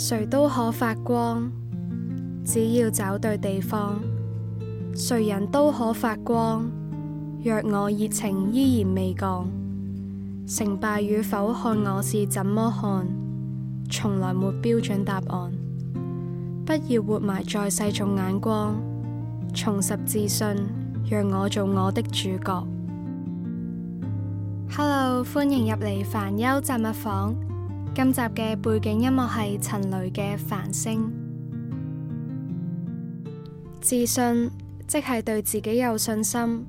誰都可發光，只要找對地方。誰人都可發光，若我熱情依然未降。成敗與否看我是怎麼看，從來沒標準答案。不要活埋在世俗眼光，重拾自信，讓我做我的主角。Hello，歡迎入嚟煩憂雜物房。今集嘅背景音樂係陳雷嘅《繁星》。自信即係對自己有信心，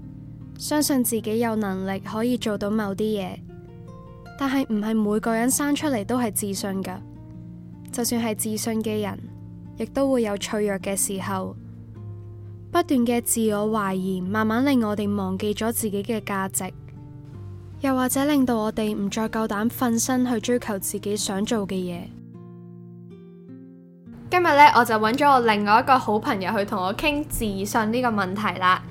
相信自己有能力可以做到某啲嘢。但係唔係每個人生出嚟都係自信噶。就算係自信嘅人，亦都會有脆弱嘅時候。不斷嘅自我懷疑，慢慢令我哋忘記咗自己嘅價值。又或者令到我哋唔再夠膽瞓身去追求自己想做嘅嘢。今日呢，我就搵咗我另外一個好朋友去同我傾自信呢個問題啦。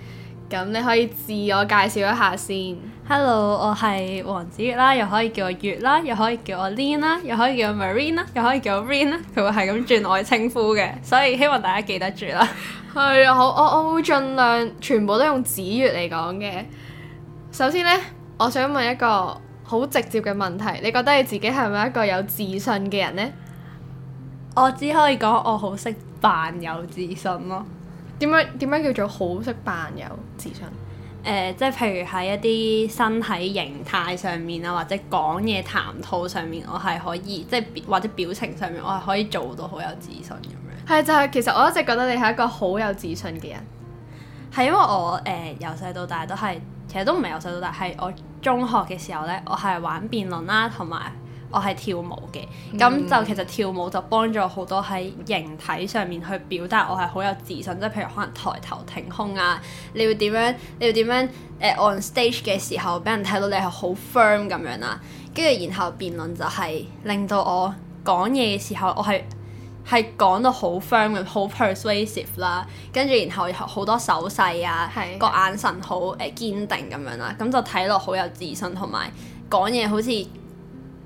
咁你可以自我介紹一下先。Hello，我係王子悅啦，又可以叫我悅啦，又可以叫我 Lynn 啦，又可以叫我 Marine 啦，又可以叫我 Rain 啦。佢會係咁轉我嘅稱呼嘅，所以希望大家記得住啦。係啊，好，我我會盡量全部都用子悅嚟講嘅。首先呢。我想問一個好直接嘅問題，你覺得你自己係咪一個有自信嘅人呢？我只可以講我好識扮有自信咯。點樣點樣叫做好識扮有自信？呃，即係譬如喺一啲身體形態上面啊，或者講嘢談吐上面，我係可以即係或者表情上面，我係可以做到好有自信咁樣。係就係其實我一直覺得你係一個好有自信嘅人，係因為我呃由細到大都係，其實都唔係由細到大，係我。中學嘅時候呢，我係玩辯論啦，同埋我係跳舞嘅。咁、嗯、就其實跳舞就幫助好多喺形體上面去表達，我係好有自信。即係譬如可能抬頭挺胸啊，你要點樣？你要點樣？誒、呃、on stage 嘅時候俾人睇到你係好 firm 咁樣啦。跟住然後辯論就係、是、令到我講嘢嘅時候，我係。係講到好 firm 嘅，好 persuasive 啦，跟住然後好多手勢啊，是的 個眼神好誒堅定咁樣啦，咁就睇落好有自信同埋講嘢好似誒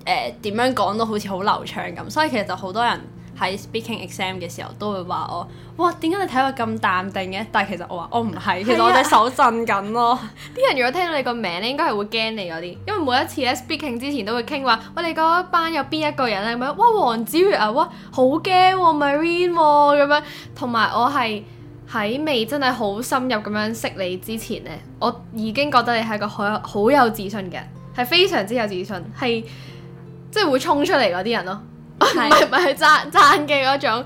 點樣講都好似好流暢咁，所以其實就好多人。喺 speaking exam 嘅時候都會話我，哇，點解你睇我咁淡定嘅？但係其實我話我唔係，其實我隻手震緊咯。啲 人如果聽到你個名咧，應該係會驚你嗰啲，因為每一次喺 speaking 之前都會傾話，我哋嗰班有邊一個人咧咁樣，哇黃子悦啊，哇好驚、啊，Marine、啊、咁樣，同埋我係喺未真係好深入咁樣識你之前咧，我已經覺得你係一個好有好有自信嘅人，係非常之有自信，係即係會衝出嚟嗰啲人咯。唔係唔係爭爭嘅嗰種，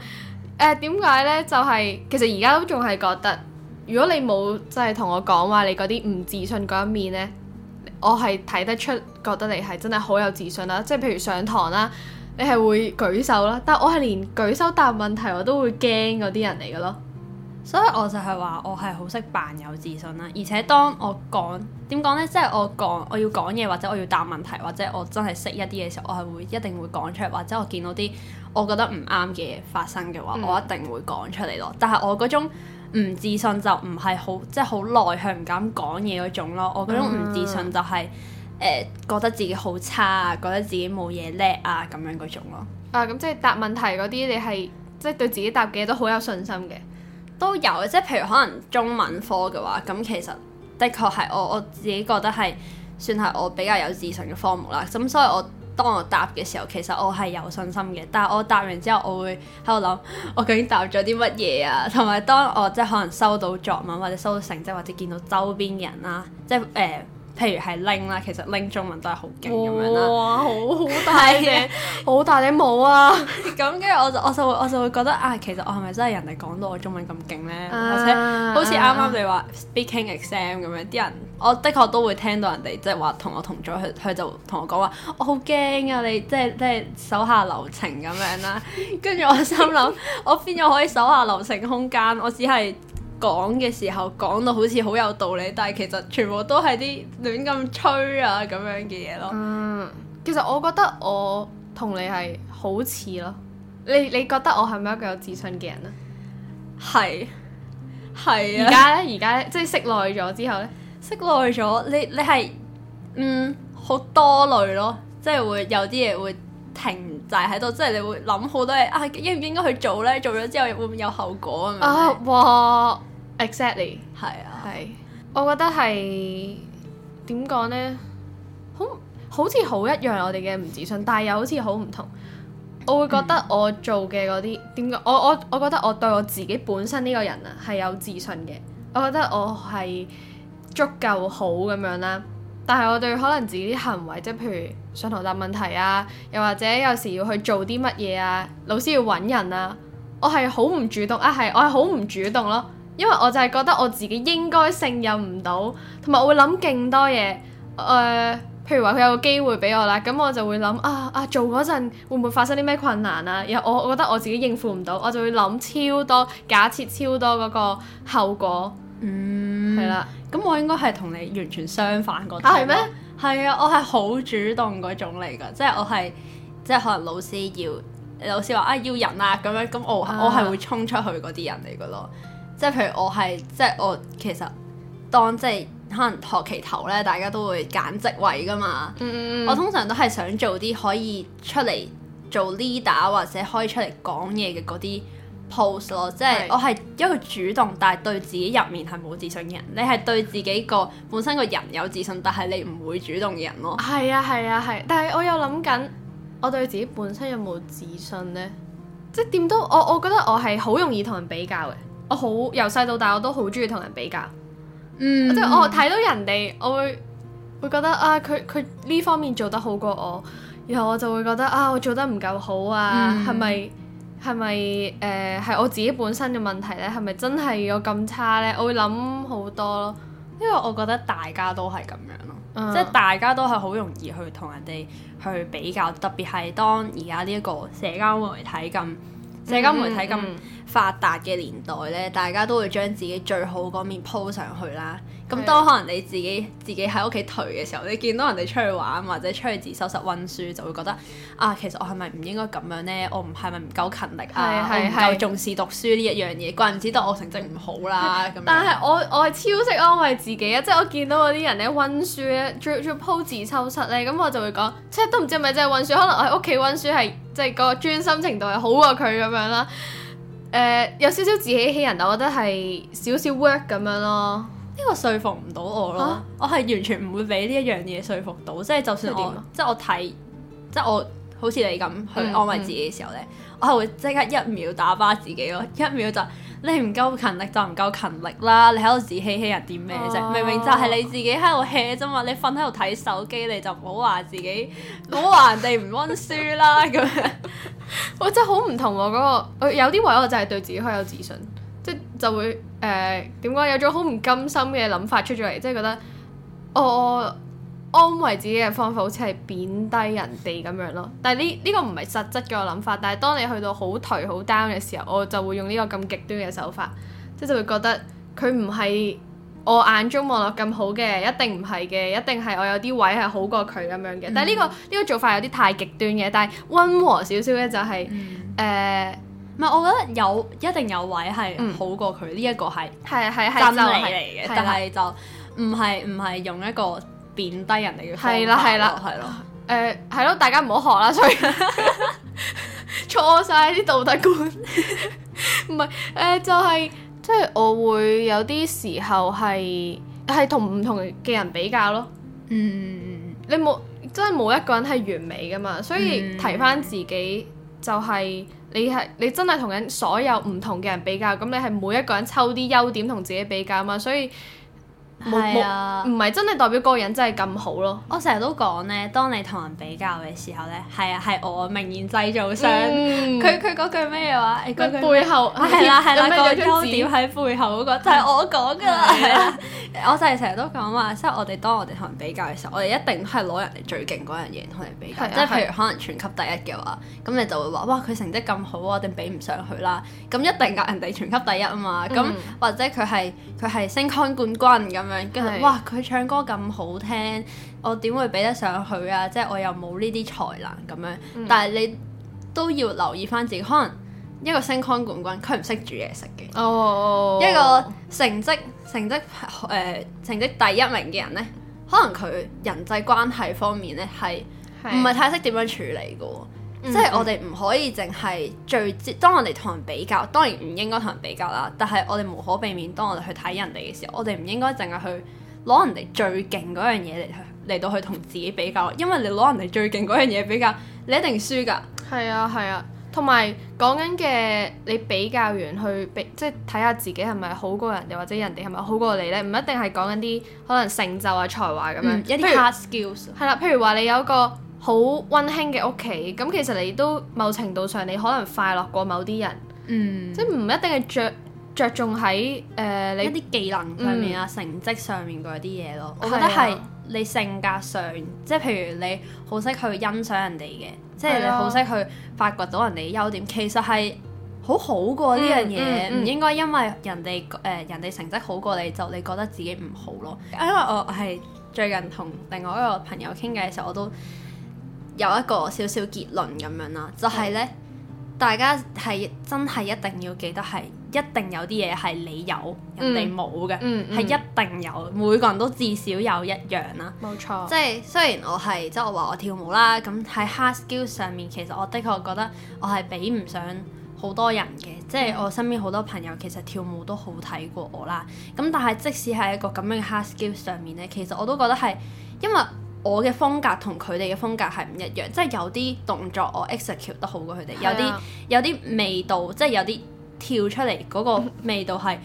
誒點解咧？就係、是、其實而家都仲係覺得，如果你冇即係同我講話，你嗰啲唔自信嗰一面咧，我係睇得出，覺得你係真係好有自信啦。即係譬如上堂啦，你係會舉手啦，但我係連舉手答問題我都會驚嗰啲人嚟嘅咯。所以我就係話，我係好識扮有自信啦。而且當我講點講咧，即係我講我要講嘢，或者我要答問題，或者我真係識一啲嘢嘅時候，我係會一定會講出嚟。或者我見到啲我覺得唔啱嘅嘢發生嘅話，嗯、我一定會講出嚟咯。但係我嗰種唔自信就唔係好，即係好內向唔敢講嘢嗰種咯。我嗰種唔自信就係誒覺得自己好差啊，覺得自己冇嘢叻啊咁樣嗰種咯。啊，咁即係答問題嗰啲，你係即係對自己答嘅嘢都好有信心嘅？都有，即係譬如可能中文科嘅話，咁其實的確係我我自己覺得係算係我比較有自信嘅科目啦。咁所以我當我答嘅時候，其實我係有信心嘅。但係我答完之後，我會喺度諗，我究竟答咗啲乜嘢啊？同埋當我即係可能收到作文或者收到成績或者見到周邊嘅人啦，即係誒。呃譬如係拎啦，其實拎中文都係、哦、樣好勁咁樣啦。哇，好 好大嘅，好大你冇啊！咁跟住我就我就會我就會覺得啊，其實我係咪真係人哋講到我中文咁勁咧？啊、或者好似啱啱你話 speaking exam 咁樣，啲人我的確都會聽到人哋即係話同我同組佢佢就同我講話，我好驚啊！你即係即係手下留情咁樣啦。跟住 我心諗， 我邊有可以手下留情空間？我只係。講嘅時候講到好似好有道理，但係其實全部都係啲亂咁吹啊，咁樣嘅嘢咯。嗯，其實我覺得我同你係好似咯。你你覺得我係咪一個有自信嘅人咧？係，係啊，而家咧，而家、啊、即係識耐咗之後咧，識耐咗，你你係嗯好多慮咯，即係會有啲嘢會停滯喺度，即係你會諗好多嘢啊，應唔應該去做咧？做咗之後會唔會有後果啊？哇！Exactly 係啊係，我覺得係，點講咧？好好似好一樣，我哋嘅唔自信，但係又好似好唔同。我會覺得我做嘅嗰啲，點講？我我我覺得我對我自己本身呢個人啊係有自信嘅。我覺得我係足夠好咁樣啦。但係我對可能自己啲行為，即譬如上堂答問題啊，又或者有時要去做啲乜嘢啊，老師要揾人啊，我係好唔主動啊，係，我係好唔主動咯。因為我就係覺得我自己應該勝任唔到，同埋我會諗勁多嘢。誒、呃，譬如話佢有個機會俾我啦，咁我就會諗啊啊，做嗰陣會唔會發生啲咩困難啊？然後我我覺得我自己應付唔到，我就會諗超多假設超多嗰個後果。嗯，係啦，咁我應該係同你完全相反嗰種。係咩、啊？係嗎啊，我係好主動嗰種嚟噶，即係我係即係可能老師要老師話啊要人啊咁樣，咁我、啊、我係會衝出去嗰啲人嚟噶咯。即係譬如我係，即係我其實當即係可能學期頭咧，大家都會揀職位噶嘛。嗯嗯、我通常都係想做啲可以出嚟做 leader 或者可以出嚟講嘢嘅嗰啲 pose 咯。即係我係一個主動，是但係對自己入面係冇自信嘅人。你係對自己個本身個人有自信，但係你唔會主動嘅人咯。係啊係啊係，但係我又諗緊，我對自己本身有冇自信呢？即係點都我我覺得我係好容易同人比較嘅。我好由細到大，我都好中意同人比較。嗯，即係我睇到人哋，我會會覺得啊，佢佢呢方面做得好過我，然後我就會覺得啊，我做得唔夠好啊，係咪係咪誒係我自己本身嘅問題咧？係咪真係有咁差咧？我會諗好多咯，因為我覺得大家都係咁樣咯，嗯、即係大家都係好容易去同人哋去比較，特別係當而家呢一個社交媒體咁，社交、嗯、媒體咁發達嘅年代咧，嗯、大家都會將自己最好嗰面 po 上去啦。咁當可能你自己自己喺屋企頹嘅時候，你見到人哋出去玩或者出去自修室温書，就會覺得啊，其實我係咪唔應該咁樣呢？我唔係咪唔夠勤力啊？是是是我唔夠重視讀書呢一樣嘢， 怪唔知得我成績唔好啦、啊、咁。但係我我係超識安慰自己啊！即係 我見到嗰啲人呢温書咧，仲仲鋪自修室呢，咁我就會講，即係都唔知係咪真係温書？可能我喺屋企温書係即係個專心程度係好過佢咁樣啦。誒、呃，有少少自欺欺人，但我覺得係少少 work 咁樣咯。呢個説服唔到我咯，蛤我係完全唔會俾呢一樣嘢説服到，即係就算我、嗯、即我睇，即我好似你咁去安慰自己嘅時候咧，嗯嗯、我係會即刻一秒打巴自己咯，一秒就你唔夠勤力就唔夠勤力啦，你喺度自欺欺人啲咩啫？啊、明明就係你自己喺度 hea 啫嘛，你瞓喺度睇手機，你就唔好話自己，唔好話人哋唔温書啦咁樣。我 真係好唔同喎、啊，嗰、嗰個，有啲位我就係對自己好有自信。即就會誒，點講？有種好唔甘心嘅諗法出咗嚟，即係覺得、哦、我安慰自己嘅方法好似係貶低人哋咁樣咯。但係呢呢個唔係實質嘅諗法。但係當你去到好頹好 down 嘅時候，我就會用呢個咁極端嘅手法，即就會覺得佢唔係我眼中望落咁好嘅，一定唔係嘅，一定係我有啲位係好過佢咁樣嘅。但係、這、呢個呢、嗯、個做法有啲太極端嘅，但係溫和少少咧就係、是、誒。嗯呃唔係，我覺得有一定有位係好過佢，呢一、嗯、個係真理嚟嘅，係係係就係、但係就唔係唔係用一個貶低人嚟嘅。係啦，係啦，係咯。誒，係咯，大家唔好學啦，所以 錯晒啲道德觀。唔係誒，就係即係我會有啲時候係係同唔同嘅人比較咯。嗯，你冇真係冇一個人係完美㗎嘛，所以提返自己就係、嗯。你係你真係同緊所有唔同嘅人比較，咁你係每一個人抽啲優點同自己比較啊嘛，所以。唔係啊，唔係真係代表嗰個人真係咁好咯。我成日都講咧，當你同人比較嘅時候咧，係啊，係我名言製造商。佢佢嗰句咩話？佢背後係啦係啦，個焦點喺背後嗰個就係我講噶啦，係啦。我就係成日都講話，即係我哋當我哋同人比較嘅時候，我哋一定係攞人哋最勁嗰樣嘢同人比較。即係譬如可能全級第一嘅話，咁你就會話哇佢成績咁好，我哋比唔上佢啦。咁一定夾人哋全級第一啊嘛。咁或者佢係佢係升級冠軍咁。咁樣，是哇！佢唱歌咁好聽，我點會比得上佢啊？即、就、係、是、我又冇呢啲才能咁樣。嗯、但係你都要留意返自己，可能一個 Sing Con 冠軍，佢唔識煮嘢食嘅。哦，哦，哦，哦，哦，一個成績成績誒、呃、成績第一名嘅人咧，可能佢人際關係方面咧係唔係太識點樣處理嘅？是嗯即係我哋唔可以淨係最知，當我哋同人比較，當然唔應該同人比較啦。但係我哋無可避免，當我哋去睇人哋嘅時候，我哋唔應該淨係去攞人哋最勁嗰樣嘢嚟，去嚟到去同自己比較，因為你攞人哋最勁嗰樣嘢比較，你一定輸噶。係啊係啊，同埋講緊嘅你比較完去比，即係睇下自己係咪好過人哋，或者人哋係咪好過你咧？唔一定係講緊啲可能成就啊、才華咁樣一啲 hard skills。係啦，譬如話你有個。好溫馨嘅屋企，咁其實你都某程度上你可能快樂過某啲人，嗯，即係唔一定係着著、著重喺、呃、你一啲技能上面啊、嗯、成績上面嗰啲嘢咯。我覺得係你性格上，啊、即係譬如你好識去欣賞人哋嘅，即係、啊、你好識去發掘到人哋嘅優點，其實係好好過呢樣嘢。唔應該因為人哋誒、呃、人哋成績好過你，就你覺得自己唔好咯。因為我係最近同另外一個朋友傾偈嘅時候，我都。有一個少少結論咁樣啦，就係、是、呢。嗯、大家係真係一定要記得係，一定有啲嘢係你有人哋冇嘅，係、嗯嗯、一定有每個人都至少有一樣啦。冇錯，即係雖然我係即係我話我跳舞啦，咁喺 hard skills 上面，其實我的確覺得我係比唔上好多人嘅，即係、嗯、我身邊好多朋友其實跳舞都好睇過我啦。咁但係即使係一個咁樣嘅 hard skills 上面呢，其實我都覺得係因為。我嘅風格同佢哋嘅風格係唔一樣，即係有啲動作我 execute 得好過佢哋，啊，有啲有啲味道，即係有啲跳出嚟嗰個味道係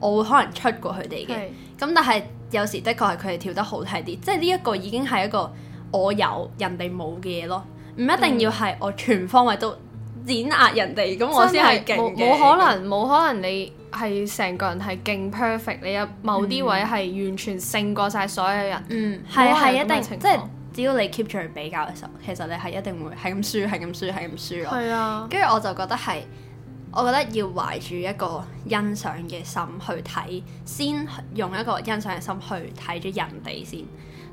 我會可能出過佢哋嘅，咁是但係有時的確係佢哋跳得好睇啲，即係呢一個已經係一個我有人哋冇嘅嘢咯，唔一定要係我全方位都。碾壓人哋，咁我先係勁，冇可能，冇可能你係成個人係勁 perfect，你有某啲位係完全勝過晒所有人。嗯，係係一定，即係只要你 keep 住去比較嘅時候，其實你係一定會係咁輸，係咁輸，係咁輸咯。係啊，跟住我就覺得係，我覺得要懷住一個欣賞嘅心去睇，先用一個欣賞嘅心去睇咗人哋先。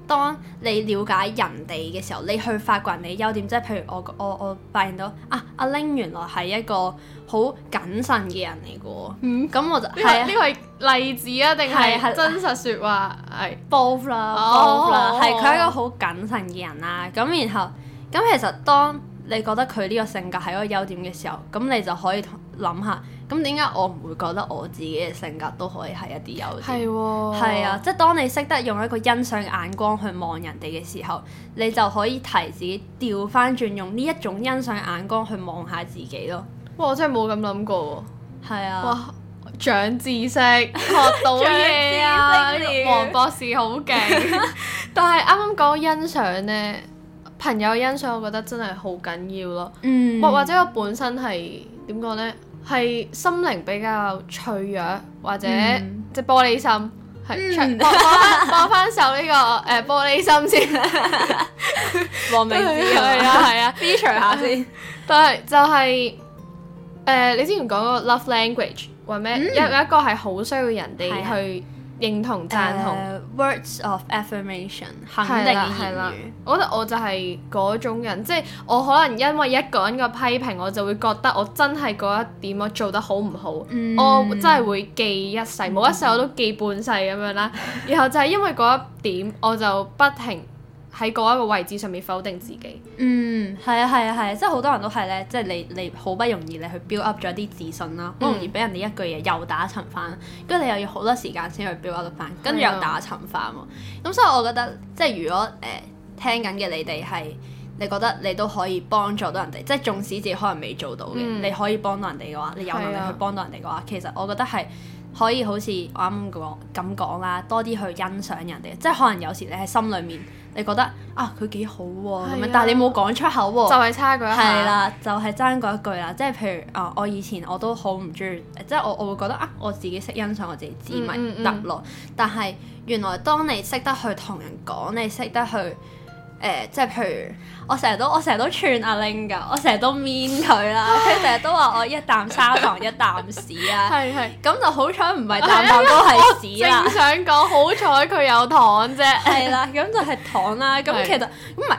當你了解人哋嘅時候，你去發掘人哋嘅優點，即係譬如我我我發現到啊，阿 Ling 原來係一個好謹慎嘅人嚟嘅喎。咁、嗯、我就呢呢個係例子啊，定係真實説話係、啊啊、both 啦、both 啦係、哦、佢一個好謹慎嘅人啦、啊。咁然後咁其實當你覺得佢呢個性格係一個優點嘅時候，咁你就可以諗下。咁點解我唔會覺得我自己嘅性格都可以係一啲優點？係喎，係啊，即係當你識得用一個欣賞嘅眼光去望人哋嘅時候，你就可以提自己調翻轉用呢一種欣賞嘅眼光去望下自己咯。哇！我真係冇咁諗過喎。係是啊，哇！長知識學到嘢啊，黃 博士好勁！ 但係啱啱講欣賞咧，朋友嘅欣賞，我覺得真係好緊要咯。或、嗯、或者我本身係點講咧？係心靈比較脆弱，或者、嗯、即玻璃心，係播播翻，播翻首呢個誒、呃、玻璃心先。黃 明志係啊係啊，feature 下先。但係就係誒，你之前講嗰個 love language 話咩？有一、嗯、一個係好需要人哋去。認同贊同、uh, words of affirmation 肯定嘅言語，我覺得我就係嗰種人，即、就、係、是、我可能因為一個人嘅批評，我就會覺得我真係嗰一點我做得好唔好，嗯、我真係會記一世，每、嗯、一世我都記半世咁樣啦。然後就係因為嗰一點，我就不停。喺嗰一個位置上面否定自己。嗯，係啊，係啊，係啊，即係好多人都係咧，即係你你好不容易你去 build up 咗啲自信啦，好容易俾人哋一句嘢又打沉翻，跟住你又要好多時間先去 build up 翻，跟住又打沉翻喎。咁所以我覺得，即係如果誒聽緊嘅你哋係，你覺得你都可以幫助到人哋，即係縱使自己可能未做到嘅，嗯、你可以幫到人哋嘅話，你有能力去幫到人哋嘅話，係啊、其實我覺得係可以好似我啱啱講咁講啦，多啲去欣賞人哋，係啊、即係可能有時你喺心裡面。你覺得啊佢幾好喎咁樣，啊、但係你冇講出口喎、啊，就係差嗰一下，係啦，就係爭嗰一句啦，即係譬如啊，我以前我都好唔中意，即係我我會覺得啊，我自己識欣賞我自己知咪得咯，但係原來當你識得去同人講，你識得去。誒、呃，即係譬如我成日都我成日都串阿玲噶，我成日都面佢啦，佢成日都話我一啖砂糖 一啖屎啊，係係，咁就好彩唔係啖啖都係屎啦。 啊、我正想講好彩佢有糖啫，係 啦，咁就係糖啦。咁其實咁唔係，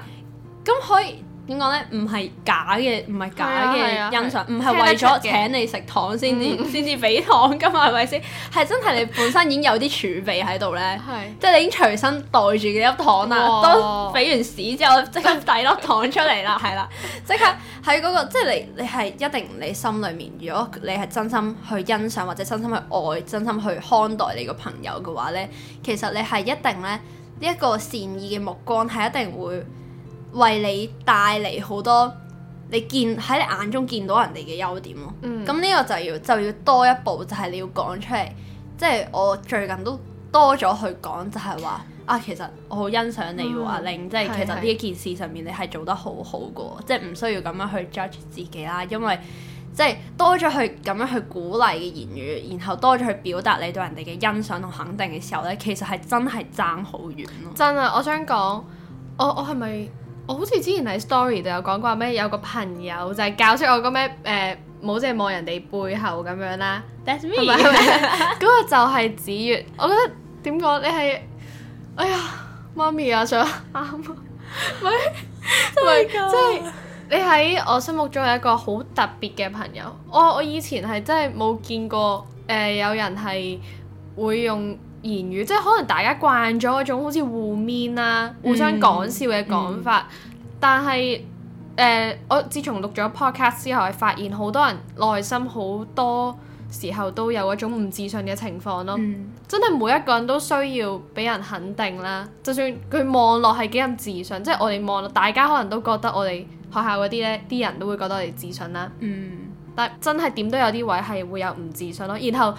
咁 可以。點講咧？唔係假嘅，唔係假嘅欣賞，唔係、啊、為咗請你食糖先至先至俾糖㗎嘛，係咪先？係真係你本身已經有啲儲備喺度咧，即係是你已經隨身袋住幾粒糖啦。當俾哇完屎之後，即刻遞粒糖出嚟啦，係啦，即刻喺嗰、那個即係、就是、你你係一定你心裏面，如果你係真心去欣賞或者真心去愛、真心去看待你個朋友嘅話咧，其實你係一定咧呢一、這個善意嘅目光係一定會。為你帶嚟好多你見喺你眼中見到人哋嘅優點咯、喔，咁呢、嗯、個就要就要多一步，就係你要講出嚟。即、就、係、是、我最近都多咗去講就，就係話啊，其實我好欣賞你，阿令、嗯。啊」即係其實呢一是件事上面你係做得好好噶，即係唔需要咁樣去 judge 自己啦。因為即係、就是、多咗去咁樣去鼓勵嘅言語，然後多咗去表達你對人哋嘅欣賞同肯定嘅時候呢，其實係真係爭好遠咯、喔。真係，我想講，我我係咪？我好似之前喺 story 度有講過咩，有個朋友就係教識我咁咩，誒、呃，冇淨係望人哋背後咁樣啦。That's me 吧。嗰個 就係子悅，我覺得點講？你係，哎呀，媽咪啊，想喊啊，咪 是，咪 是，即係 你喺我心目中係一個好特別嘅朋友。我我以前係真係冇見過，誒、呃，有人係會用。言語，即係可能大家慣咗嗰種好似互勉啊、嗯、互相講笑嘅講法，嗯、但係誒、呃，我自從錄咗 podcast 之後，係發現好多人內心好多時候都有一種唔自信嘅情況咯。嗯、真係每一個人都需要俾人肯定啦，就算佢望落係幾咁自信，即係我哋望落，大家可能都覺得我哋學校嗰啲咧，啲人都會覺得我哋自信啦。嗯，但真係點都有啲位係會有唔自信咯，然後。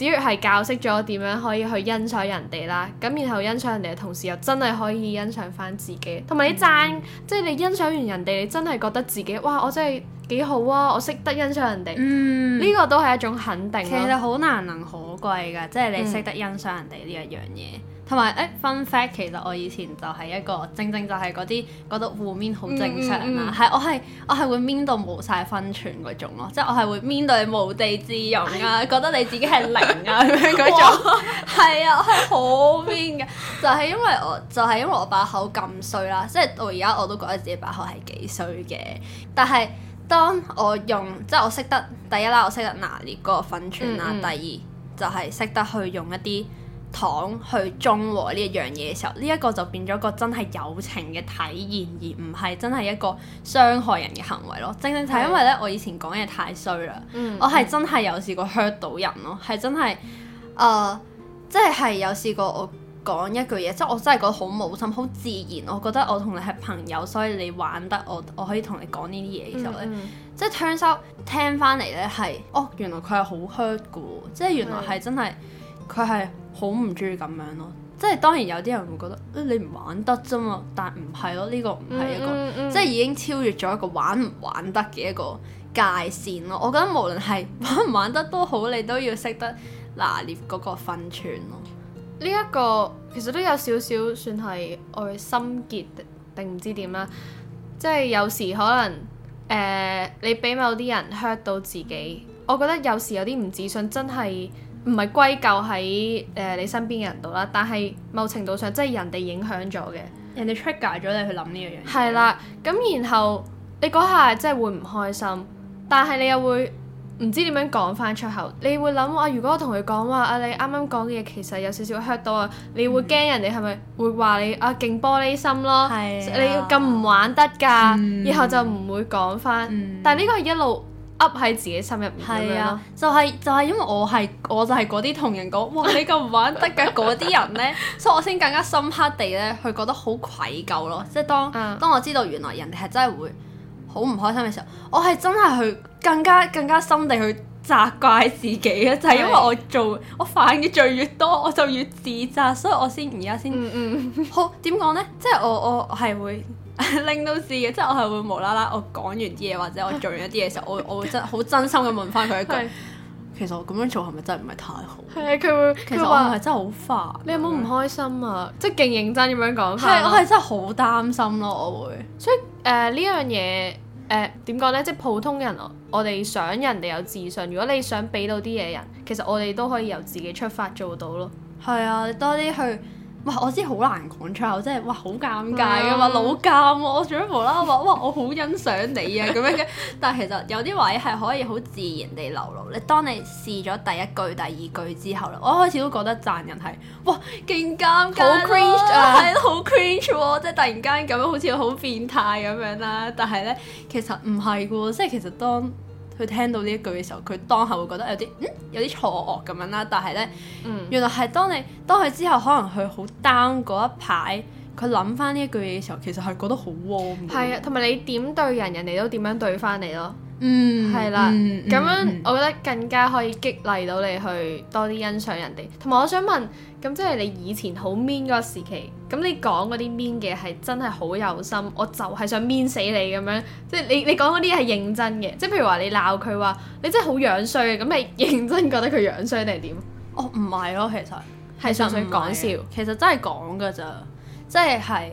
只係教識咗點樣可以去欣賞人哋啦，咁然後欣賞人哋嘅同時又真係可以欣賞返自己，同埋你讚，即係、嗯、你欣賞完人哋，你真係覺得自己，哇，我真係幾好啊，我識得欣賞人哋，呢、嗯、個都係一種肯定，其實好難能可貴㗎，即、就、係、是、你識得欣賞人哋呢一樣嘢。嗯同埋誒 fun fact 其實我以前就係一個，正正就係嗰啲覺得糊面好正常啦、啊，係、嗯嗯、我係我係會面到冇晒分寸嗰種咯、啊，即、就、係、是、我係會面到你無地自容啊， 覺得你自己係零啊咁樣嗰種。係啊，我係好面嘅， 就係因為我，就係、是、因為我把口咁衰啦，即、就、係、是、到而家我都覺得自己把口係幾衰嘅。但係當我用，即、就、係、是、我識得第一啦，我識得拿捏嗰個分寸啦、啊，嗯、第二就係、是、識得去用一啲。糖去中和呢一樣嘢嘅時候，呢一個就變咗個真係友情嘅體現，而唔係真係一個傷害人嘅行為咯。正正就係因為咧我以前講嘢太衰啦，嗯嗯、我係真係有試過 hurt 到人咯，係真係，誒、呃，即係有試過我講一句嘢，即係我真係覺得好冇心好自然，我覺得我同你係朋友，所以你玩得我我可以同你講呢啲嘢嘅時候咧，即係聽收聽翻嚟咧係，哦原來佢係好 hurt 噶喎，即係原來係真係佢係。的好唔中意咁樣咯，即係當然有啲人會覺得，誒、欸、你唔玩得啫嘛，但唔係咯，呢、這個唔係一個，嗯嗯嗯、即係已經超越咗一個玩唔玩得嘅一個界線咯。我覺得無論係玩唔玩得都好，你都要識得拿捏嗰個分寸咯。呢一個其實都有少少算係我嘅心結定唔知點啦，即係有時可能誒、呃、你俾某啲人 hurt 到自己，我覺得有時有啲唔自信真係。唔係歸咎喺誒、呃、你身邊嘅人度啦，但係某程度上即係人哋影響咗嘅，人哋 trigger 咗你去諗呢樣嘢。係啦，咁然後你嗰下真係會唔開心，但係你又會唔知點樣講翻出口。你會諗啊，如果我同佢講話啊，你啱啱講嘅嘢其實有少少 hurt 到啊，你會驚人哋係咪會話你啊勁玻璃心咯？是啊、你咁唔玩得㗎，嗯、然後就唔會講翻。嗯、但係呢個係一路。up 喺自己心入面咁、啊、樣就係、是、就係、是、因為我係，我就係嗰啲同人講，哇你咁玩得嘅嗰啲人咧，所以我先更加深刻地咧，去覺得好愧疚咯。即係當、啊、當我知道原來人哋係真係會好唔開心嘅時候，我係真係去更加更加深地去責怪自己啊！就係、是、因為我做是我犯嘅罪越多，我就越自責，所以我先而家先嗯嗯，嗯 好點講咧？即係、就是、我我係會。拎到事嘅，即係我係會無啦啦，我講完啲嘢或者我做完一啲嘢時候， 我我會真係好真心咁問翻佢一句，是其實我咁樣做係咪真係唔係太好？係啊，佢會，其實我係真係好煩。你有冇唔開心啊？即係勁認真咁樣講。係，我係真係好擔心咯。我會，所以誒、呃呃、呢樣嘢誒點講咧？即係普通人，我哋想人哋有自信，如果你想俾到啲嘢人，其實我哋都可以由自己出發做到咯。係啊，多啲去。哇！我知好難講出口，即係哇好尷尬噶嘛，哦、老尷喎、啊！我仲要無啦啦話，哇！我好欣賞你啊咁樣嘅，但係其實有啲位係可以好自然地流露。你當你試咗第一句、第二句之後啦，我一開始都覺得讚人係哇勁尷尬好、啊，好 cringe 啊，係啊，好 cringe 喎！即係突然間咁樣好似好變態咁樣啦。但係咧，其實唔係噶喎，即係其實當佢聽到呢一句嘅時候，佢當下會覺得有啲嗯，有啲錯愕咁樣啦。但係咧，嗯、原來係當你當佢之後可能佢好 down 嗰一排，佢諗翻呢一句嘢嘅時候，其實係覺得好 warm。係啊，同埋你點對人，人哋都點樣對翻你咯。嗯，係啦了，咁、嗯、樣、嗯、我覺得更加可以激勵到你去多啲欣賞人哋，同埋我想問，咁即係你以前好 mean 嗰個時期，咁你講嗰啲 mean 嘅係真係好有心，我就係想 mean 死你咁樣，即係你你講嗰啲係認真嘅，即係譬如話你鬧佢話你真係好樣衰，咁你認真覺得佢樣衰定係點？哦，唔係咯，其實係純粹講笑，其實真係講㗎咋，即係係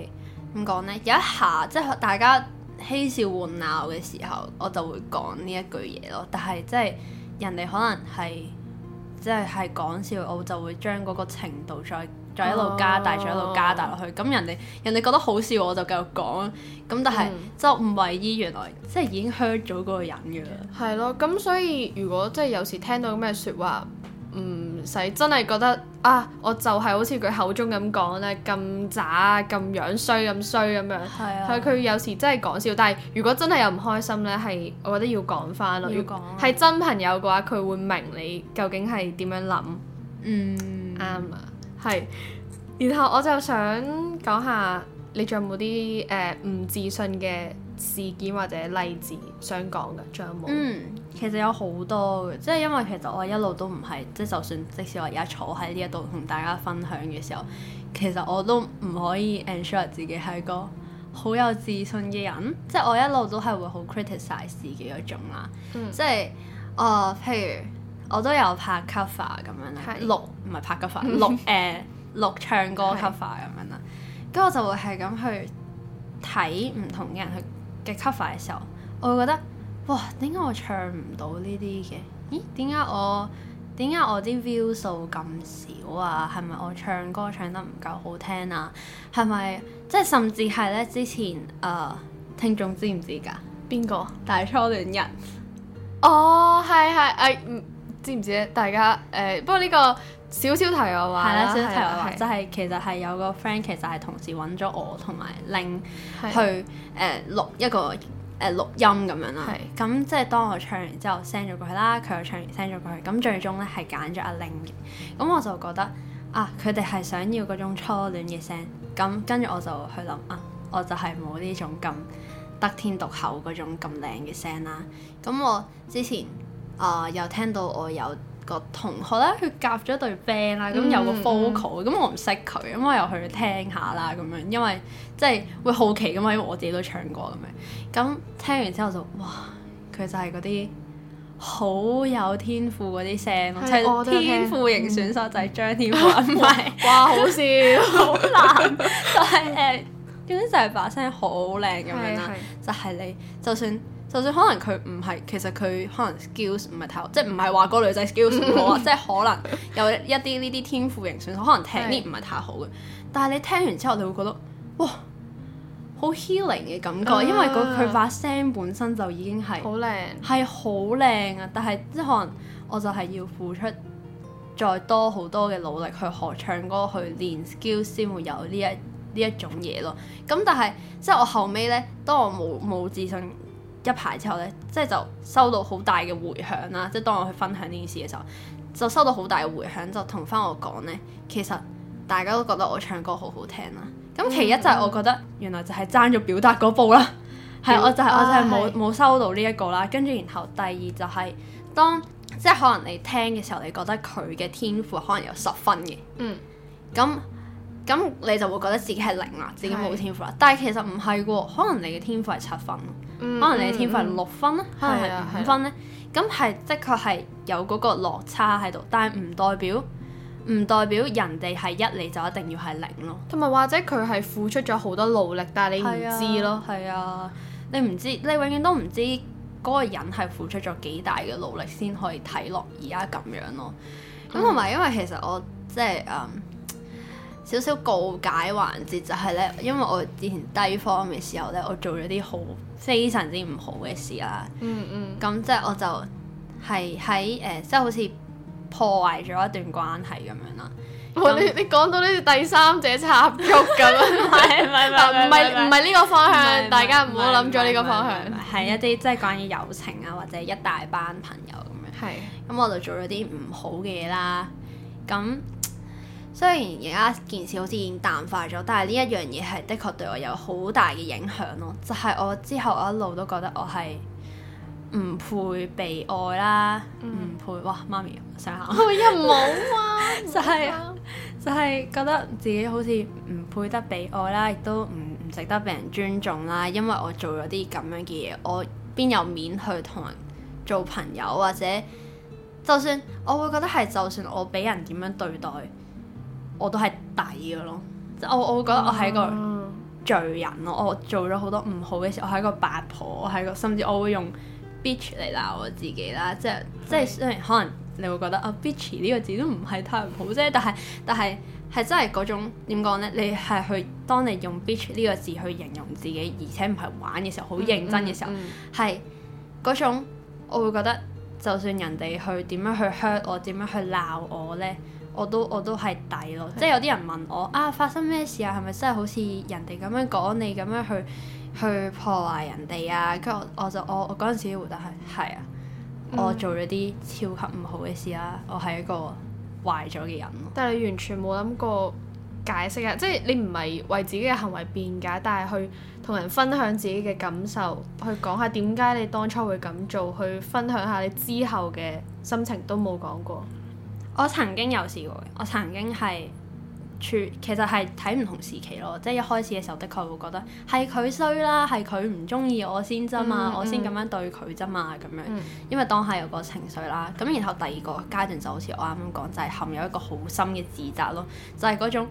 點講咧？有一下即係大家。嬉笑玩鬧嘅時候，我就會講呢一句嘢咯。但係即係人哋可能係即係係講笑，我就會將嗰個程度再再一路加大，哦、再一路加大落去。咁、嗯、人哋人哋覺得好笑，我就繼續講。咁但係、嗯、就唔為意，原來即係已經 hurt 咗嗰個人㗎啦。係咯，咁所以如果即係有時聽到咩説話。唔使真係覺得啊，我就係好似佢口中咁講咧，咁渣咁樣衰咁衰咁樣。係啊，佢有時真係講笑，但係如果真係有唔開心咧，係我覺得要講翻咯。要講。係真朋友嘅話，佢會明你究竟係點樣諗。嗯，啱啊，係。然後我就想講下，你仲有冇啲誒唔自信嘅？事件或者例子想講嘅，張無、嗯。其實有好多嘅，即係因為其實我一路都唔係，即係就算即使我而家坐喺呢一度同大家分享嘅時候，其實我都唔可以 ensure 自己係個好有自信嘅人，即係我一路都係會好 criticize 自己嗰種啦。嗯、即係，誒、呃，譬如我都有拍 cover 咁樣啦，錄唔係拍 cover，錄誒錄唱歌 cover 咁樣啦，跟住是我就會係咁去睇唔同嘅人去。嘅 cover 嘅時候，我會覺得哇，點解我唱唔到呢啲嘅？咦，點解我點解我啲 view 數咁少啊？係咪我唱歌唱得唔夠好聽啊？係咪即係甚至係呢之前誒、呃、聽眾知唔知㗎？邊個誰？大初戀人？哦、 oh, yes, yes, um，係係唔知唔知大家誒，uh, 不過呢個。少少題外話，係啦、啊，少少題外話，即係其實係有個 friend，其實係同時揾咗我同埋 ling 去誒、啊呃、錄一個誒、呃、錄音咁樣啦。係咁、啊、即係當我唱完之後 send 咗過去啦，佢又唱完 send 咗過去。咁最終呢係揀咗阿 ling 嘅。咁我就覺得啊，佢哋係想要嗰種初戀嘅聲。咁跟住我就去諗啊，我就係冇呢種咁得天獨厚嗰種咁靚嘅聲啦。咁我之前啊、呃、又聽到我有個同學咧，佢夾咗對 band 啦，咁有個 vocal 咁、嗯、我唔識佢，咁我又去聽下啦，咁樣，因為，因為即係會好奇㗎嘛，因為我自己都唱過咁樣，咁聽完之後就哇，佢就係嗰啲好有天賦嗰啲聲咯，即係是天賦型選手就係張天賦，唔、嗯、係，因為 哇，好笑，好 難， 就係、是、誒，總、uh，之就係把聲好靚咁樣啦，就係、是、你，就算。就算就算可能佢唔係，其實佢可能 skills 唔係太好，即係唔係話個女仔 skills 唔好啊， 即係可能有一啲呢啲天賦型選 可能聽啲唔係太好嘅。是但係你聽完之後，你會覺得哇，好 healing 嘅感覺，哎、呀因為佢、嗰個、把聲本身就已經係好靚美，係好靚啊！但係即係可能我就係要付出再多好多嘅努力去學唱歌、去練 skills 先會有呢一呢一種嘢咯。咁、嗯、但係即係我後尾咧，當我冇冇自信。一排之後呢，即係就收到好大嘅回響啦。即係當我去分享呢件事嘅時候，就收到好大嘅回響。就同返我講呢：「其實大家都覺得我唱歌好好聽啦。咁、嗯、其一就係我覺得原來就係爭咗表達嗰步啦。係、嗯，我就係、是哎、我就係冇冇收到呢一個啦。跟住然後第二就係、是、當即係可能你聽嘅時候，你覺得佢嘅天賦可能有十分嘅。嗯，咁。咁你就會覺得自己係零啦，的自己冇天賦啦。但係其實唔係喎，可能你嘅天賦係七分，嗯、可能你嘅天賦係六分，的可能係五分咧。咁係的確係有嗰個落差喺度，但係唔代表唔代表人哋係一，你就一定要係零咯。同埋或者佢係付出咗好多努力，但係你唔知咯。係啊，你唔知，你永遠都唔知嗰個人係付出咗幾大嘅努力先可以睇落而家咁樣咯。咁同埋因為其實我即係嗯。少少告解環節就係咧，因為我之前低 form 嘅時候咧，我做咗啲好非常之唔好嘅事啦。嗯嗯。咁即係我就係喺誒，即係好似破壞咗一段關係咁樣啦。你你講到呢啲第三者插足咁樣，唔係唔係唔係呢個方向，大家唔好諗咗呢個方向。係一啲即係關於友情啊，或者一大班朋友咁樣。係。咁我就做咗啲唔好嘅嘢啦。咁。雖然而家件事好似已經淡化咗，但係呢一樣嘢係的確對我有好大嘅影響咯。就係、是、我之後我一路都覺得我係唔配被愛啦，唔、嗯、配哇媽咪，想下冇、哎、啊！ 就係、是、就係、是、覺得自己好似唔配得被愛啦，亦都唔唔值得俾人尊重啦。因為我做咗啲咁樣嘅嘢，我邊有面去同人做朋友，或者就算我會覺得係，就算我俾人點樣對待。我都係抵嘅咯，即係我我會覺得我係一個罪人咯，我做咗好多唔好嘅事，我係一個八婆，我係個，甚至我會用 bitch 嚟鬧我自己啦，即係是即係雖然可能你會覺得啊 bitch 呢個字都唔係太唔好啫，但係但係係真係嗰種點講呢？你係去當你用 bitch 呢個字去形容自己，而且唔係玩嘅時候，好認真嘅時候，係嗰、嗯嗯嗯、種我會覺得，就算人哋去點樣去 hurt 我，點樣去鬧我呢。我都我都係抵咯，的即係有啲人問我啊發生咩事啊，係咪真係好似人哋咁樣講你咁樣去去破壞人哋啊？跟住我我就我我嗰陣時回答係係啊，我做咗啲超級唔好嘅事啦、啊，我係一個壞咗嘅人咯、啊。嗯、但係你完全冇諗過解釋啊，即係你唔係為自己嘅行為辯解，但係去同人分享自己嘅感受，去講下點解你當初會咁做，去分享下你之後嘅心情都冇講過。我曾經有試過嘅，我曾經係處其實係睇唔同時期咯，即係一開始嘅時候，的確會覺得係佢衰啦，係佢唔中意我先啫嘛，嗯嗯、我先咁樣對佢啫嘛，咁樣，嗯、因為當下有個情緒啦。咁然後第二個階段就好似我啱啱講，就係陷入一個好深嘅自責咯，就係、是、嗰種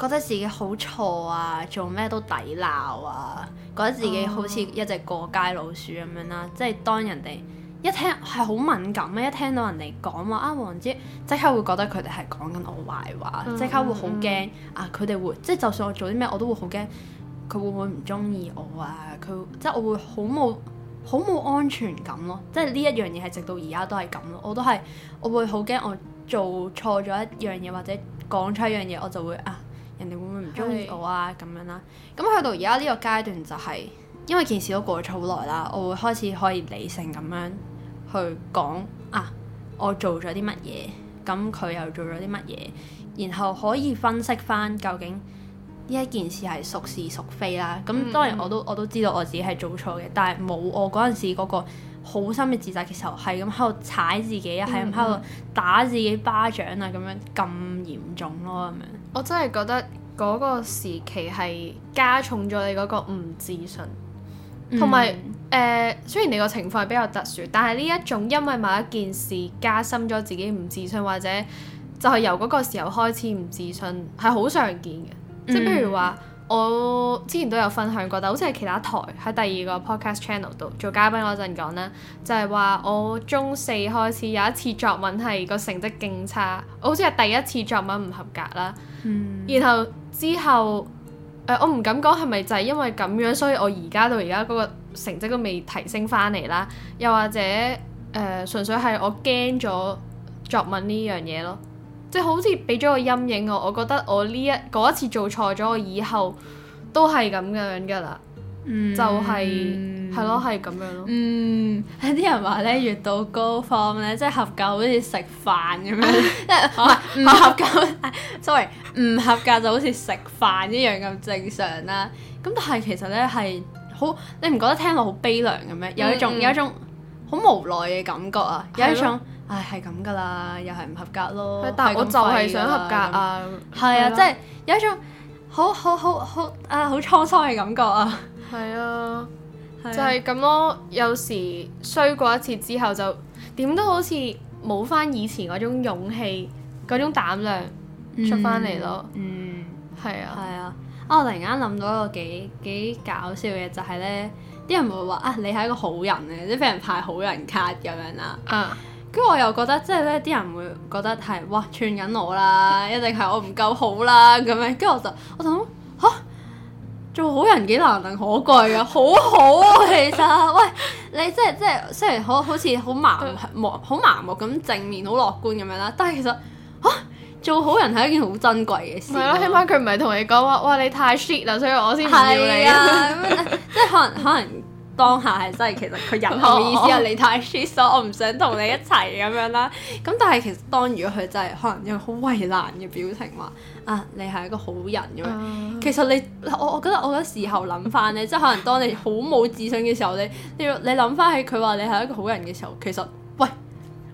覺得自己好錯啊，做咩都抵鬧啊，覺得自己好似一隻過街老鼠咁樣啦，哦、即係當人哋。一聽係好敏感啊！一聽到人哋講話啊，黃子即刻會覺得佢哋係講緊我壞話，嗯、即刻會好驚、嗯、啊！佢哋會即，就算我做啲咩，我都會好驚佢會唔會唔中意我啊！佢即，我會好冇好冇安全感咯，即係呢一樣嘢係直到而家都係咁咯。我都係我會好驚我做錯咗一樣嘢或者講錯一樣嘢，我就會啊，人哋會唔會唔中意我啊咁是樣啦？咁去到而家呢個階段就係、是。因為件事都過咗好耐啦，我會開始可以理性咁樣去講啊，我做咗啲乜嘢，咁佢又做咗啲乜嘢，然後可以分析翻究竟呢一件事係孰是孰非啦。咁當然我都我都知道我自己係做錯嘅，但係冇我嗰陣時嗰個好深嘅自責嘅時候，係咁喺度踩自己啊，係咁喺度打自己巴掌啊，咁樣咁嚴重咯、啊，咁樣。我真係覺得嗰個時期係加重咗你嗰個唔自信。同埋誒，雖然你個情況係比較特殊，但係呢一種因為某一件事加深咗自己唔自信，或者就係由嗰個時候開始唔自信，係好常見嘅。Mm. 即係譬如話，我之前都有分享過，但好似係其他台喺第二個 podcast channel 度做嘉賓嗰陣講啦，就係話我中四開始有一次作文係個成績勁差，好似係第一次作文唔合格啦。Mm. 然後之後。誒、呃，我唔敢講係咪就係因為咁樣，所以我而家到而家嗰個成績都未提升翻嚟啦。又或者誒，純、呃、粹係我驚咗作文呢樣嘢咯，即係好似俾咗個陰影我。我覺得我呢一嗰一次做錯咗，我以後都係咁樣噶啦。 就係係咯，係咁 樣咯。嗯，有啲人話咧，越到高峯高 form 咧，即係合格好似食飯咁樣，即係唔合格。sorry，唔 合，格 合格就好似食飯一樣咁正常啦。咁但係其實咧係好，你唔覺得聽落好悲涼嘅咩？有一種有一種好無奈嘅感覺啊！有一種，有一種吧唉，係咁㗎啦，又係唔合格咯。但係我就係想合格啊！係啊，即係有一種好好好好啊，好滄桑嘅感覺啊！ 對ゲ story 係啊，啊就係咁咯。有時衰過一次之後就，就點都好似冇翻以前嗰種勇氣、嗰種膽量出翻嚟咯。嗯，係啊，係啊。啊，我突然間諗到一個幾幾搞笑嘅，就係、是、咧，啲人會話啊，你係一個好人咧，即係俾人派好人卡咁樣啦。啊、嗯，跟住我又覺得，即係咧，啲人會覺得係哇，串緊我啦，一定係我唔夠好啦，咁樣。跟住我就，我就諗，吓？啊做好人幾難能可貴啊， 好好啊其實，喂，你即係即係雖然好好似好麻木、好對麻木咁正面、好樂觀咁樣啦，但係其實吓、啊、做好人係一件好珍貴嘅事，啊。係咯，起碼佢唔係同你講話，哇你太 shit 啦，所以我先唔要你。啊，咁樣即係可能可能。 可能 當下係真係其實佢人後嘅意思係、啊、你太 shit 咗，我唔想同你一齊咁樣啦。咁 但係其實當如果佢真係可能有好為難嘅表情話啊，你係一個好人咁樣。Uh、其實你我我覺得我嗰時候諗翻咧，即係可能當你好冇自信嘅時候咧，你要你諗翻起佢話你係一個好人嘅時候，其實喂，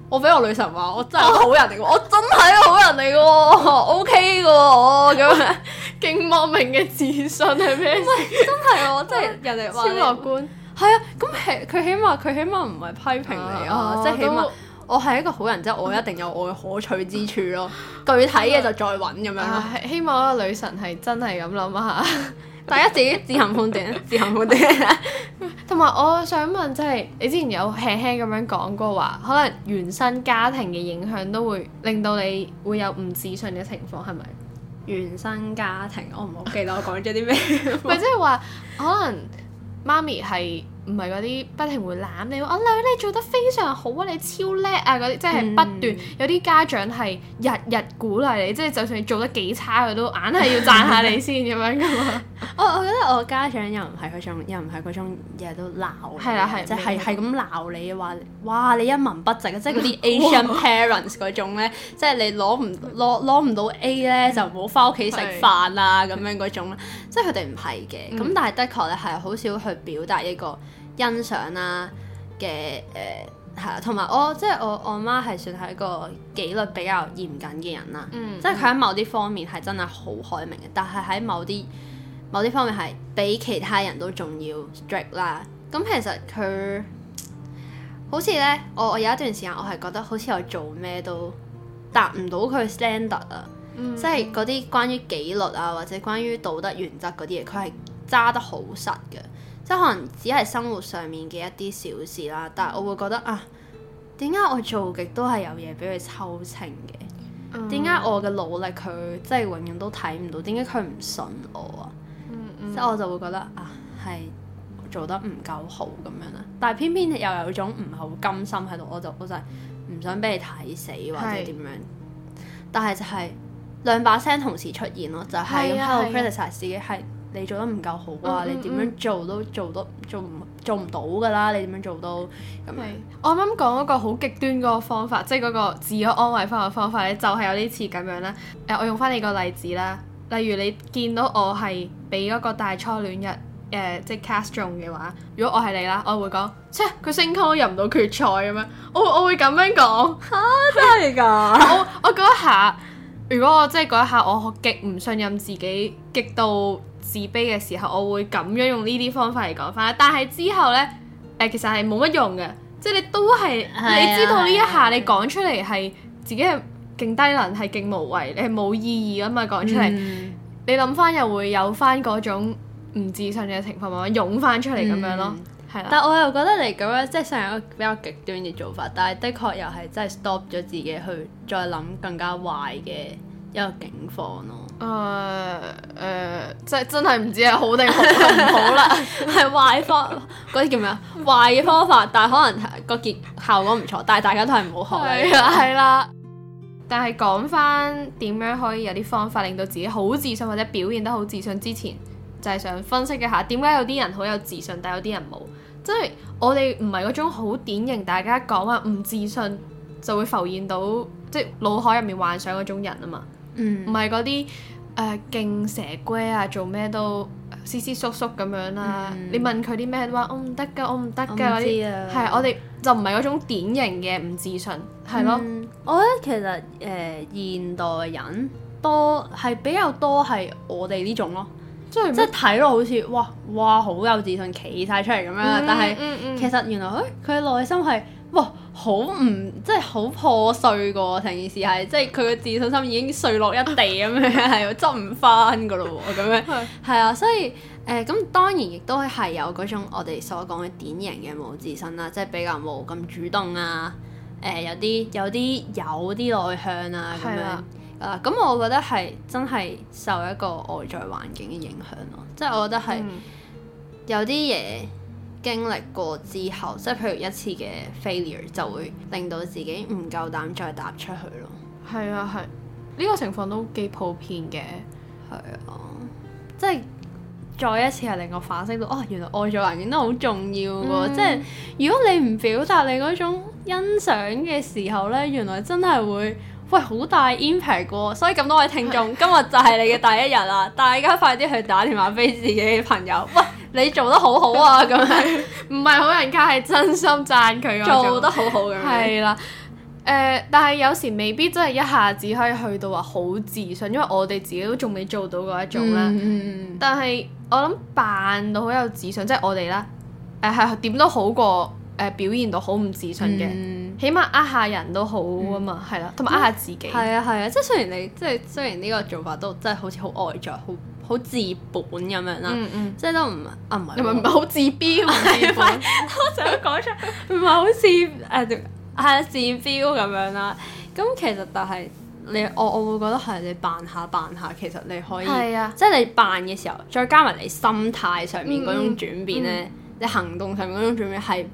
我俾我女神話我真係好人嚟，我真係一個好人嚟嘅，OK 嘅咁、哦、樣，勁 莫名嘅自信係咩？ 真係我真係 人哋話樂觀。 係啊，咁起佢起碼佢起碼唔係批評你啊，即係起碼我係一個好人，即係我一定有我嘅可取之處咯。具體嘅就再揾咁樣。希望我女神係真係咁諗啊！嚇，大家自己自行判斷，自行判斷。同埋我想問，即係你之前有輕輕咁樣講過話，可能原生家庭嘅影響都會令到你會有唔自信嘅情況，係咪？原生家庭，我唔係好記得我講咗啲咩？咪即係話可能媽咪係。唔係嗰啲不停會攬你，阿女你做得非常好啊，你超叻啊！嗰啲即係不斷、嗯、有啲家長係日日鼓勵你，即、就、係、是、就算你做得幾差佢都硬係要讚下你先咁 樣噶嘛。 我我覺得我家長又唔係嗰種，又唔係嗰種日日都鬧。係啦係係係咁鬧你話，哇你一文不值啊！即係嗰啲 Asian parents 嗰 種咧，即係你攞唔攞攞唔到 A 咧就唔好翻屋企食飯啊。咁 樣嗰種。即係佢哋唔係嘅，咁 但係的確咧係好少去表達一、這個。欣賞啦嘅誒係啦，同埋、呃啊、我即係我我媽係算係一個紀律比較嚴謹嘅人啦、啊，嗯、即係佢喺某啲方面係真係好開明嘅，但係喺某啲某啲方面係比其他人都仲要 strict 啦。咁其實佢好似咧，我我有一段時間我係覺得好似我做咩都達唔到佢 standard 啊，嗯、即係嗰啲關於紀律啊或者關於道德原則嗰啲嘢，佢係揸得好實嘅。即可能只係生活上面嘅一啲小事啦，但係我會覺得啊，點解我做極都係有嘢俾佢抽清嘅？點解、嗯、我嘅努力佢即係永遠都睇唔到？點解佢唔信我啊？嗯嗯、即我就會覺得啊，係做得唔夠好咁樣啦。但係偏偏又有種唔係好甘心喺度，我就我就係唔想俾你睇死或者點樣。是但係就係兩把聲同時出現咯，就係、是。喺度 criticize 自己係。你做得唔夠好嘅話！嗯嗯嗯、你點樣做都做得做唔做唔到噶啦！你點樣做到咁？Okay. 我啱啱講嗰個好極端嗰個方法，即係嗰個自我安慰方嘅方法咧，就係、是、有呢次咁樣啦。誒、呃，我用翻你個例子啦。例如你見到我係俾嗰個大初戀日，誒、呃，即係 cast 中嘅話，如果我係你啦，我會講：切，佢升級都入唔到決賽咁樣，我我會咁樣講嚇、啊，真係㗎！ 我我嗰一下，如果我真係嗰一下，我極唔信任自己，極到～自卑嘅時候，我會咁樣用呢啲方法嚟講翻，但係之後呢，誒其實係冇乜用嘅，即係你都係、啊、你知道呢一下、啊、你講出嚟係、啊、自己係勁低能，係勁無謂，你係冇意義啊嘛講出嚟，嗯、你諗翻又會有翻嗰種唔自信嘅情況，慢慢湧翻出嚟咁樣咯。係、嗯，啊、但係我又覺得你咁樣即係上有一個比較極端嘅做法，但係的確又係真係 stop 咗自己去再諗更加壞嘅一個境況咯。誒、嗯。即係真係唔知係好定好，唔 好啦，係壞方嗰啲 叫咩啊？壞嘅方法，但係可能個結效果唔錯，但係大家都係唔好學啦、 啊。係啦、啊，但係講翻點樣可以有啲方法令到自己好自信或者表現得好自信之前，就係想分析一下點解有啲人好有自信，但有啲人冇。即係我哋唔係嗰種好典型，大家講話唔自信就會浮現到即係腦海入面幻想嗰種人啊嘛。唔係嗰啲。誒勁、呃、蛇龜啊，做咩都斯斯縮縮咁樣啦、啊！嗯、你問佢啲咩都話我唔得㗎，我唔得㗎嗰啲，係我哋、啊、就唔係嗰種典型嘅唔自信，係、嗯、咯。我覺得其實誒、呃、現代人多係比較多係我哋呢種咯，即係睇落好似哇哇好有自信企晒出嚟咁樣，但係其實原來佢佢內心係。哇，好唔即係好破碎㗎，成件事係即係佢嘅自信心已經碎落一地咁 樣，係執唔返噶咯喎，咁樣係啊，所以誒咁、呃、當然亦都係有嗰種我哋所講嘅典型嘅冇自信啦，即係比較冇咁主動啊，誒、呃、有啲有啲有啲內向啊咁樣啊，咁我覺得係真係受一個外在環境嘅影響咯，即係我覺得係有啲嘢。經歷過之後，即係譬如一次嘅 failure 就會令到自己唔夠膽再踏出去咯。係啊，係呢、呢個情況都幾普遍嘅。係啊，即係再一次係令我反省到，哦，原來外在環境都好重要喎。嗯、即係如果你唔表達你嗰種欣賞嘅時候呢，原來真係會喂好大 impact、哦。所以咁多位聽眾，是今日就係你嘅第一日啦， 大家快啲去打電話俾自己嘅朋友，喂！ 你做得好好啊，咁樣唔係好人卡，係真心讚佢 做得好好咁樣。係啦，誒，但係有時未必真係一下子可以去到話好自信，因為我哋自己都仲未做到嗰一種啦。嗯嗯嗯、但係我諗扮到好有自信，即係我哋啦，誒係點都好過誒表現到好唔自信嘅，嗯、起碼呃下人都好啊嘛，係啦、嗯，同埋呃下自己。係啊係啊，即、嗯、係、嗯嗯、雖然你即係雖然呢個做法都真係好似好外在，好。好治本咁樣啦，即係都唔啊唔係唔係唔係好治標，唔係我想講出唔係好似誒係治標咁樣啦。咁其實但係你我我會覺得係你扮下扮下，其實你可以，啊、即係你扮嘅時候，再加埋你心態上面嗰種轉變咧。嗯嗯嗯你行動上嗰種準備係，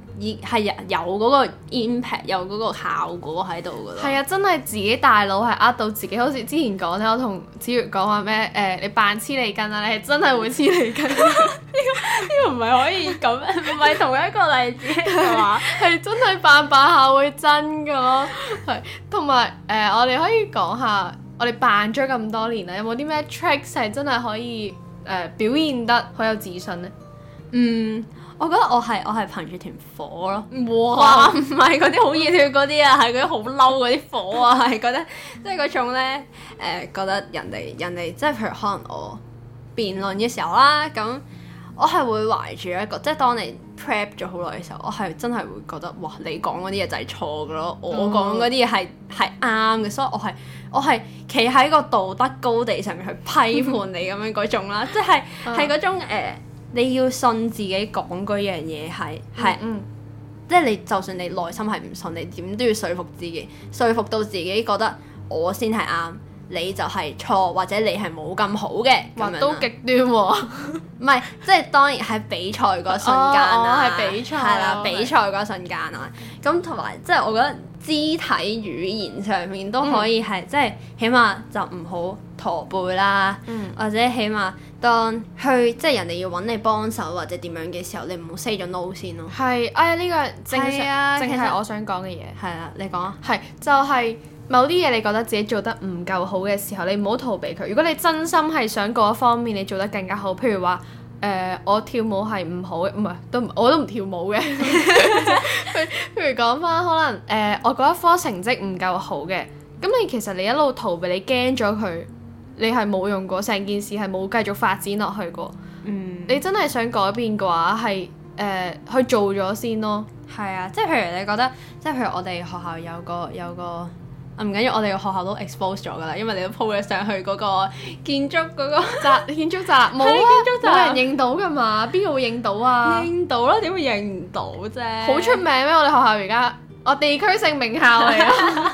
係有嗰個 impact，有嗰個效果喺度噶咯？係 啊樂，真係自己大腦係呃到自己，好似之前講咧，我同子悅講話咩？誒、呃，你扮黐脷筋啊，你係真係會黐脷筋，呢個呢個唔係可以咁，唔係 同一個例子嘅話，係 真係扮扮下會真噶。係， 同埋誒，我哋可以講下，我哋扮咗咁多年啦，有冇啲咩 tricks 係真係可以誒、呃、表現得好有自信呢？嗯。我覺得我係我係憑住條火咯。哇，唔係嗰啲好熱血嗰啲啊，係嗰啲好嬲嗰啲火啊，係覺得即係嗰種咧誒、呃，覺得人哋人哋即係譬如可能我辯論嘅時候啦，咁我係會懷住一個，即係當你 prep 咗好耐嘅時候，我係真係會覺得哇，你講嗰啲嘢就係錯㗎咯，嗯、我講嗰啲嘢係係啱嘅，所以我係我係企喺個道德高地上面去批判你咁樣嗰種啦，嗯、 即係係嗰種、呃 你要信自己講嗰樣嘢係係，嗯、即係你就算你內心係唔信，你點都要說服自己，說服到自己覺得我先係啱。你就係錯，或者你係冇咁好嘅，咁都極端喎、哦。唔 係， 即係當然喺比賽嗰瞬間啊，係比賽，係啦、啊， 比賽嗰瞬間啊。咁同埋即係我覺得肢體語言上面都可以係，即係起碼就唔好駝背啦，嗯、或者起碼當去即係、就是、人哋要揾你幫手或者點樣嘅時候，你唔好 say 咗 no 先咯。係，哎呀呢、這個正實正係我想講嘅嘢，係啊，你講、就是、啊，係就係、是。就是某啲嘢你覺得自己做得唔夠好嘅時候，你唔好逃避佢。如果你真心係想嗰一方面你做得更加好，譬如話，誒、呃、我跳舞係唔好，唔係都我都唔跳舞嘅。 譬如講返，可能誒、呃、我嗰一科成績唔夠好嘅，咁你其實你一路逃避，你驚咗佢，你係冇用過，成件事係冇繼續發展落去過。嗯、你真係想改變嘅話，係誒、呃、去做咗先咯。係啊，即係譬如你覺得，即係譬如我哋學校有個有個。唔緊要，我哋個學校都 expose 咗㗎啦，因為你都 po 咗上去嗰個建築嗰個宅 建築宅，冇啊冇人認到㗎嘛，邊個會認到啊？認到啦、啊，點會認唔到啫？好出名咩？我哋學校而家我地區性名校嚟啊，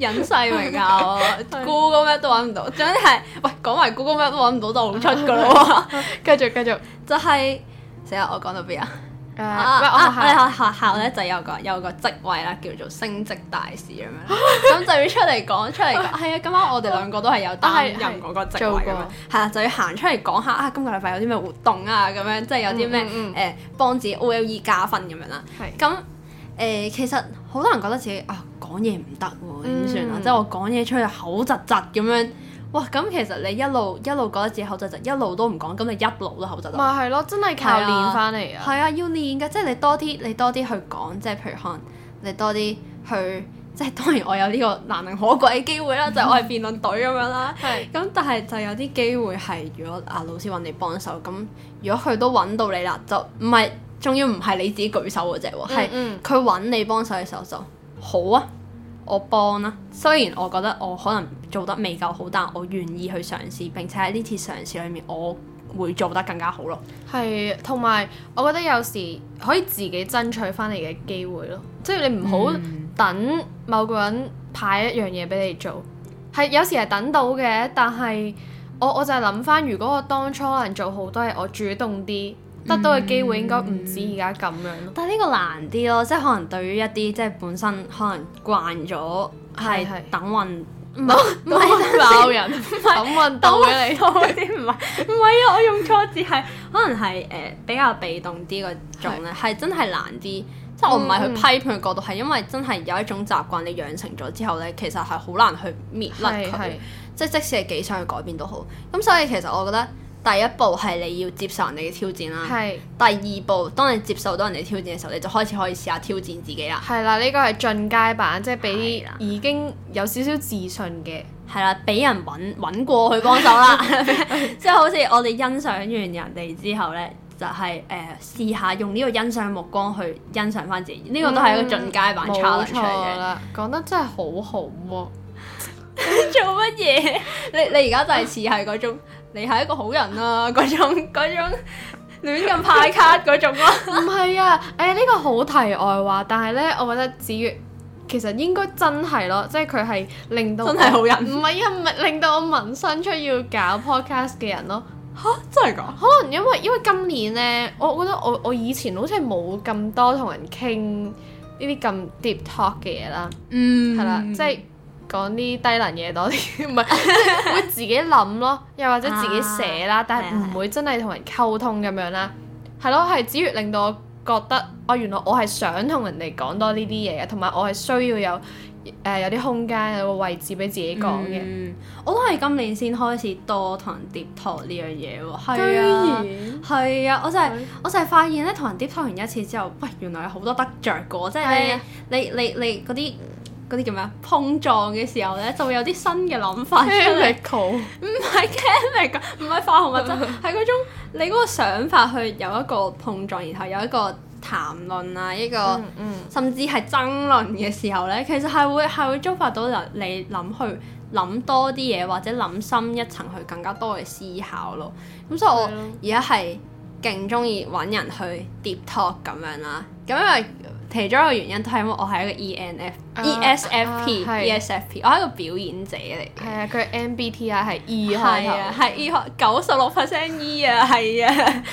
隱世名校、啊、 是，Google 咩都揾唔到，總之係喂講埋 Google 咩都揾唔到就、啊，就唔出噶咯喎。繼續繼續，就係死啦！我講到邊啊？啊！我哋學校咧就有個有個職位啦，叫做升職大使咁樣，咁就要出嚟講出嚟講。係啊，咁啱我哋兩個都係有擔任嗰個職位咁樣。係啦，就要行出嚟講下啊，今個禮拜有啲咩活動啊，咁樣即係有啲咩誒幫自己 O L E 加分咁樣啦。咁誒，其實好多人覺得自己啊講嘢唔得喎，點算啊？即係我講嘢出去口窒窒咁樣。哇！咁其實你一路一路覺得自己口窒，就一路都唔講。咁你一路都口窒。咪係咯，真係靠練翻嚟啊！係 啊，要練噶，即係你多啲，你多啲去講。即係譬如可能你多啲去，即係當然我有呢個難能可貴嘅機會啦， 就係我係辯論隊咁樣啦。係。咁 但係就有啲機會係，如果啊老師揾你幫手，咁如果佢都揾到你啦，就唔係，仲要唔係你自己舉手嗰隻喎，係佢揾你幫手嘅時候就好啊！ 我幫啦、啊，雖然我覺得我可能做得未夠好，但我願意去嘗試。並且喺呢次嘗試裏面，我會做得更加好咯。係，同埋我覺得有時可以自己爭取翻嚟嘅機會咯，即係你唔好等某個人派一樣嘢俾你做。係、嗯、有時係等到嘅，但係我我就係諗翻，如果我當初能做好多嘢，都係我主動啲。得到嘅機會應該唔止而家咁樣咯，但係呢個難啲咯，即係可能對於一啲即係本身可能慣咗係等運，唔係唔係鬧人，等運到俾你嗰啲唔係唔係啊！我用錯字係可能係誒比較被動啲嗰種咧，係真係難啲。即係我唔係去批判嘅角度，係因為真係有一種習慣你養成咗之後咧，其實係好難去滅甩佢。即係即使係幾想去改變都好，咁所以其實我覺得。第一步係你要接受人哋嘅挑戰啦，是第二步當你接受到人哋挑戰嘅時候，你就開始可以試下挑戰自己啦。係啦，呢個係進階版，即係俾已經有少少自信嘅係啦，俾人揾揾過去幫手啦，即係 好似我哋欣賞完人哋之後咧，就係、是、誒、呃、試下用呢個欣賞目光去欣賞翻自己，呢個都係一個進階版 challenge 嘅。講得真係好好、啊、喎！ 做乜嘢？你你而家就係似係嗰種。 你係一個好人啊，嗰種，嗰種，嗰種亂咁派卡嗰種咯？唔係啊，誒、欸、呢、呢個好題外話，但係呢，我覺得子悅其實應該真係咯，即係佢係令到我真係好人、啊，唔係啊，令到我萌生出要搞 podcast 嘅人咯。嚇，真係㗎？可能因為因為今年呢，我覺得我我以前好似冇咁多同人傾呢啲咁 deep talk 嘅嘢啦。嗯，係啦，即係。講啲低能嘢多啲，唔係 會自己諗咯，又或者自己寫啦，啊、但係唔會真係同人溝通咁樣啦，係咯，係只係令到我覺得，哦，原來我係想同人哋講多呢啲嘢，同埋我係需要有誒、呃、有啲空間，有個位置俾自己講嘅，我都係今年先開始多同人 deep talk 呢樣嘢喎，係啊，係啊然，我就係、是、的我就係發現咧，同人 deep talk 完一次之後，喂，原來有好多得着噶，即係的你你你你嗰啲。嗰啲叫咩啊？碰撞嘅時候咧，就會有啲新嘅諗法。chemical 唔係 chemical 唔係化學物質，係嗰 種你嗰個想法去有一個碰撞，然後有一個談論啊，一個、嗯嗯、甚至係爭論嘅時候咧，其實係會係會觸發到你你諗去諗多啲嘢，或者諗深一層去更加多嘅思考咯。咁所以，我而家係勁中意揾人去 deep talk 咁樣啦。咁因為其中一個原因都係因為我係一個 ENF、啊、ESFP、啊、ESFP，我係一個表演者嚟。係啊，佢 MBTI 係 E 開頭、啊，係 E 開九十六 percent E 啊，係啊， 啊，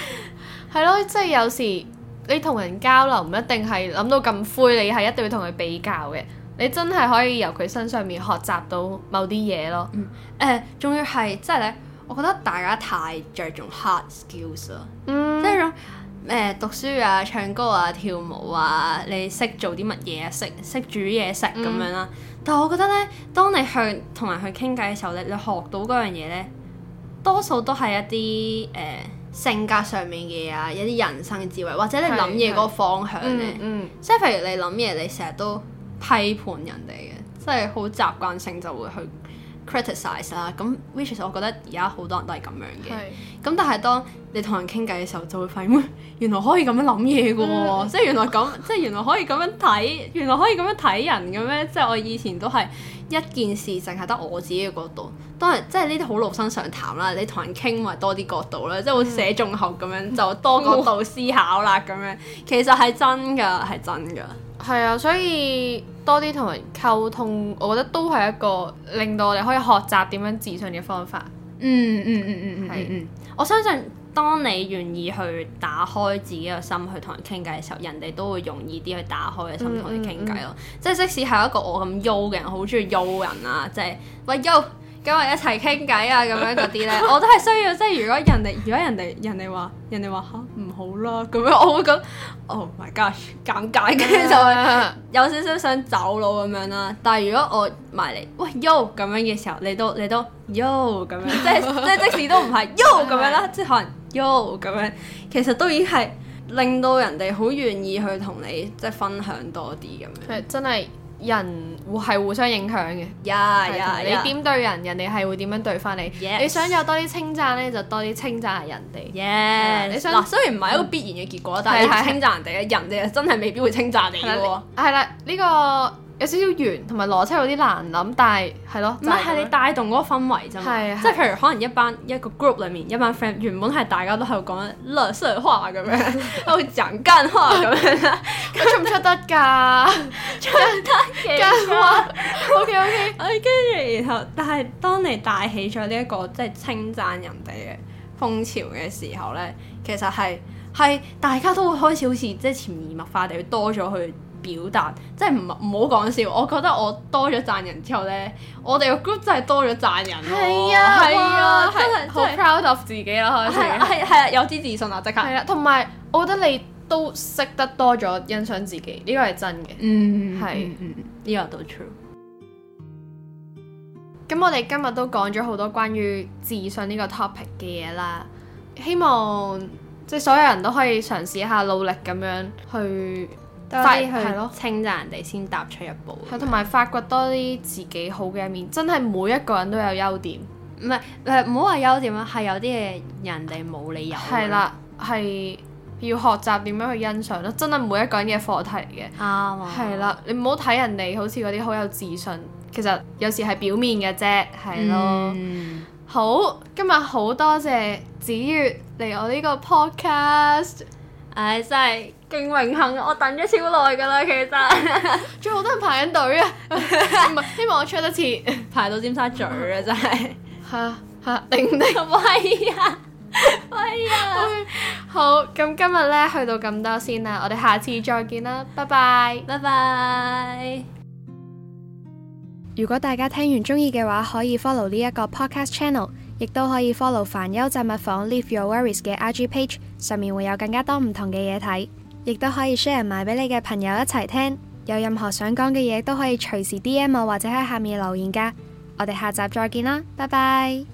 係咯，即係有時你同人交流唔一定係諗到咁灰，你係一定要同佢比較嘅，你真係可以由佢身上面學習到某啲嘢咯。誒、嗯，仲、呃、要係即係咧，我覺得大家太着重 hard skills 咯，即係、嗯。誒讀書啊、唱歌啊、跳舞啊，你識做啲乜嘢啊？識識煮嘢食咁樣啦。嗯、但係我覺得咧，當你向同人去傾偈嘅時候咧，你學到嗰樣嘢咧，多數都係一啲誒、呃、性格上面嘅嘢啊，一啲人生智慧或者你諗嘢嗰個方向咧。嗯嗯、即係譬如你諗嘢，你成日都批判人哋嘅，即係好習慣性就會去。criticise 啦，咁 which is，我覺得而家好多人都係咁樣嘅，咁是但係當你同人傾偈嘅時候，就會發現原來可以咁樣諗嘢嘅喎，即係原來咁，即係原來可以咁樣睇，原來可以咁樣睇人嘅咩？即係我以前都係一件事淨係得我自己嘅角度，當然即係呢啲好老生常談啦。你同人傾咪多啲角度啦，即係好似寫綜合咁樣，嗯、就多角度思考啦，咁樣哇其實係真㗎，係真㗎。係啊，所以多啲同人溝通，我覺得都係一個令到我哋可以學習點樣自信嘅方法。嗯嗯嗯嗯嗯，係嗯。我相信當你願意去打開自己嘅心去同人傾偈嘅時候，人哋都會容易啲去打開嘅心同你傾偈咯。嗯嗯、即係即使係一個我咁 yo 嘅人，好中意 yo 人啊，即係喂嬲，yo, 今日一齊傾偈啊，咁 樣嗰啲咧，我都係需要。即係如果人哋，如果人哋人哋話，人哋話吓。好啦，咁樣我會講，Oh my God，尷尬，跟住就係有少少想走佬咁樣啦。但係如果我埋嚟喂 Yo 咁樣嘅時候，你都你都 Yo 咁樣，即係 即係即使都唔係 Yo 咁樣啦，即係可能 Yo 咁樣，其實都已經係令到人哋好願意去同你即係分享多啲咁樣。係真係。人會係互相影響嘅 yeah yeah 你點對人，Yeah. 人哋係會點樣對翻你？Yes. 你想有多啲稱讚咧，就多啲稱讚人哋。y Yes. 你想嗱，雖然唔係一個必然嘅結果，嗯、但係稱讚人哋嘅的人哋真係未必會稱讚你嘅喎。係啦，呢、這個。有少少圓同埋邏輯有啲難諗，但係係咯，唔係係你帶動嗰個氛圍啫嘛，的即係譬如可能一班一個 group 裏面一班 friend 原本係大家都喺度講垃圾話咁樣，喺度 講奸話咁樣，完全出唔出得㗎， 出奸話。O K O K，跟住然後，但係當你帶起咗呢一個即係稱讚人哋嘅風潮嘅時候咧，其實係係大家都會開始好似即係潛移默化地多咗去。表達，即係唔唔好講笑。我覺得我多咗讚人之後呢， 我哋個 group 真係多咗讚人。哦。係啊，係啊，真係好 proud of 自己咯。開始係係係啊，有啲自信啊，即刻。係啊，同埋我覺得你都識得多咗，欣賞自己呢個係真嘅。嗯，係、這個，呢個都 true。咁我哋今日都講咗好多關於自信呢個 topic 嘅嘢啦，希望即係所有人都可以嘗試一下努力咁樣去。係去稱讚人哋先踏出一步。係，同埋發掘多啲自己好嘅一面，真係每一個人都有優點，唔係，唔好話優點啦，係有啲嘢人哋冇理由。係啦，係要學習點樣去欣賞咯，真係每一個人嘅有課題嘅。啱啊。係、啊、啦，你唔好睇人哋好似嗰啲好有自信，其實有時係表面嘅啫，係咯。嗯、好，今日好多謝子悅嚟我呢個 podcast，唉，真係～勁榮幸，我等咗超耐噶啦，其實仲 有好多人排緊隊啊！唔係 希望我出一次，排到尖沙咀啊！真係嚇嚇丁丁威啊威啊！好，咁今日咧去到咁多先啦，我哋下次再見啦，拜拜 拜拜！如果大家聽完中意嘅話，可以 follow 呢一個 podcast channel，亦都可以 follow 煩憂雜物坊，子房子 Leave Your Worries 嘅 IG page，上面會有更加多唔同嘅嘢睇。亦都可以 share 埋俾你嘅朋友一齊聽，有任何想講嘅嘢都可以隨時 DM 我或者喺下面留言噶，我哋下集再見啦，拜拜。